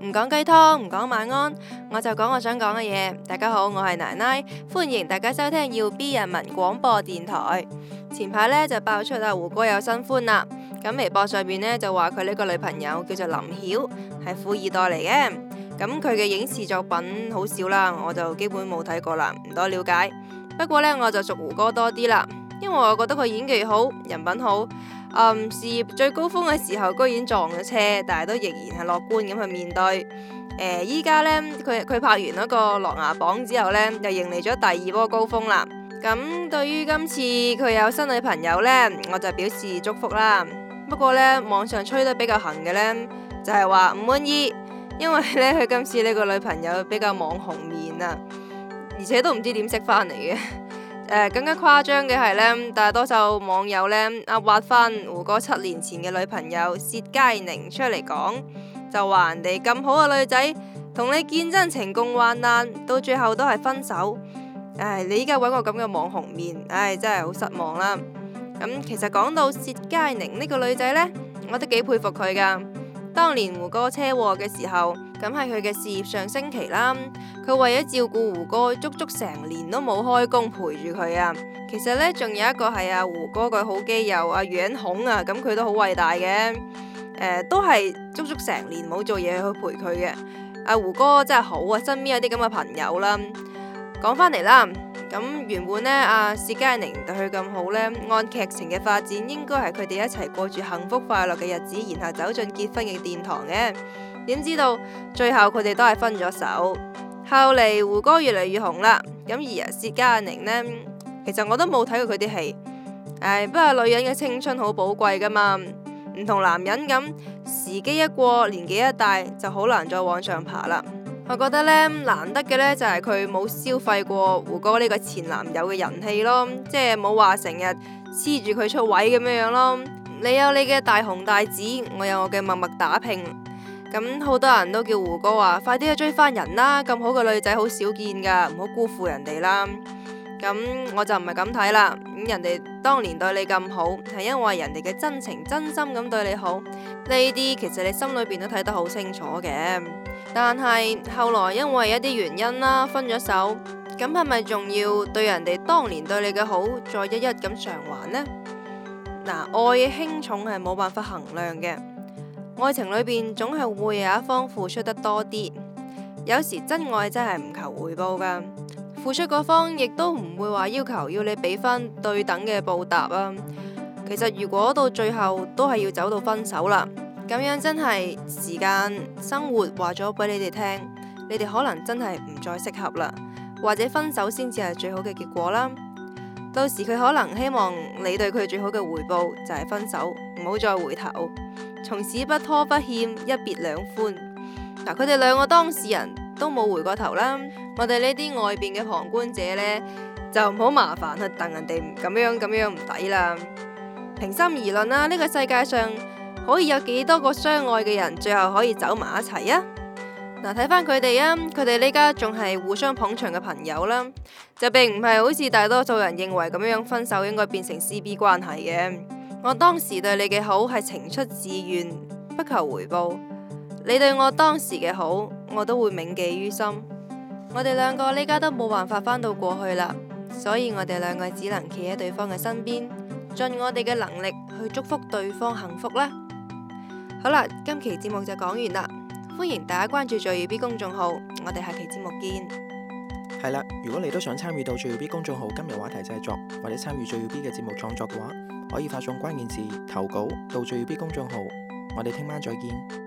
唔講雞湯，唔講晚安，我就講我想講嘅嘢。大家好，我係奶奶，歡迎大家收聽要 B 人民廣播電台。前排呢就爆出阿胡歌有新歡啦，咁微博上面呢就話佢呢個女朋友叫做林曉，係富二代嚟嘅。咁佢嘅影視作品好少啦，我就基本冇睇過啦，唔多了解。不過呢，我就熟胡歌多啲啦。因為我覺得佢演技好，人品好，事、嗯、業最高峰嘅時候居然撞咗車，但係都仍然係樂觀咁去面對。誒、呃，依家呢，佢佢拍完嗰個《琅琊榜》之後呢，又迎嚟咗第二波高峰啦。咁、嗯、對於今次佢有新女朋友呢，我就表示祝福啦。不過呢，網上吹得比較行嘅呢，就係話唔滿意，因為呢，佢今次呢個女朋友比較網紅面啊，而且都唔知點識翻嚟嘅。誒，更加誇張嘅係呢，大多數網友呢，啊，挖翻胡歌七年前嘅女朋友薛佳凝出嚟講，就話人哋咁好嘅女仔，同你見真情共患難，到最後都係分手。唉，你依家揾個咁嘅網紅面，唉，真係好失望啦。咁其實講到薛佳凝呢個女仔呢，我都幾佩服佢噶。當年胡歌車禍嘅時候。咁係佢嘅事業上升期啦，佢為咗照顧胡歌，足足成年都冇開工陪住佢啊！其實呢，仲有一個係阿胡歌，嘅好基友阿袁弘啊，咁佢都好偉大嘅，呃，都係足足成年冇做嘢去陪佢嘅。阿，啊、胡歌真係好啊，身邊有啲咁嘅朋友啦。講返嚟啦，咁原本呢，阿薛佳凝對佢咁好呢，按劇情嘅發展，應該係佢哋一齊過住幸福快樂嘅日子，然後走進結婚嘅殿堂嘅。點知道最後佢哋都係分咗手。後嚟胡歌越嚟越紅啦，咁而，而薛佳凝呢，其實我都冇睇過佢啲戲。唉、哎，不過女人嘅青春好寶貴噶嘛，唔同男人咁，時機一過，年紀一,一大，就好難再往上爬啦。我覺得呢，難得嘅呢，就係佢冇消費過胡歌呢個前男友嘅人氣咯，即係冇話成日黐住佢出位咁樣樣咯。你有你嘅大紅大紫，我有我嘅默默打拼。咁好多人都叫胡哥話，快啲去追翻人啦！咁好嘅女仔好少見噶，唔好辜負人哋啦。咁、嗯、我就唔係咁睇啦。咁人哋當年對你咁好，係因為人哋嘅真情真心咁對你好，呢啲其實你心裏邊都睇得好清楚嘅。但係後來因為一啲原因啦，分咗手，咁係咪仲要對人哋當年對你嘅好再一一咁償還呢？嗱、呃，愛嘅輕重係冇辦法衡量嘅。愛情裏邊總係會有一方付出得多啲，有時真愛真係唔求回報噶，付出嗰方亦都唔會話要求要你俾翻對等嘅報答啊。其實如果到最後都係要走到分手啦，咁樣真係時間、生活話咗俾你哋聽，你哋可能真係唔再適合啦，或者分手先至係最好嘅結果啦。到時佢可能希望你對佢最好嘅回報就係分手，唔好再回頭。從此不拖不欠，一別兩寬。嗱，佢哋兩個當事人都冇回過頭啦。我哋呢啲外邊嘅旁觀者呢，就唔好麻煩去戥人哋咁樣咁樣唔抵啦。平心而論啦，呢個世界上可以有幾多個相愛嘅人最後可以走埋一齊啊？嗱，睇翻佢哋啊，佢哋呢家仲係互相捧場嘅朋友啦，就並唔係好似大多數人認為咁樣分手應該變成 C B 關係嘅。我當時對你嘅好係情出自願，不求回報。你對我當時嘅好，我都會銘記於心。我哋兩個呢家都冇辦法翻到過去啦，所以我哋兩個只能企喺對方嘅身邊，盡我哋嘅能力去祝福對方幸福啦。好啦，今期節目就講完啦，歡迎大家關注最耀 B 公眾號，我哋下期節目見。係啦，如果你都想參與到最耀 B 公眾號今日話題製作，或者參與最耀 B 嘅節目創作嘅話，可以發送關鍵字投稿到最耀 B 公眾號。我哋聽晚再見。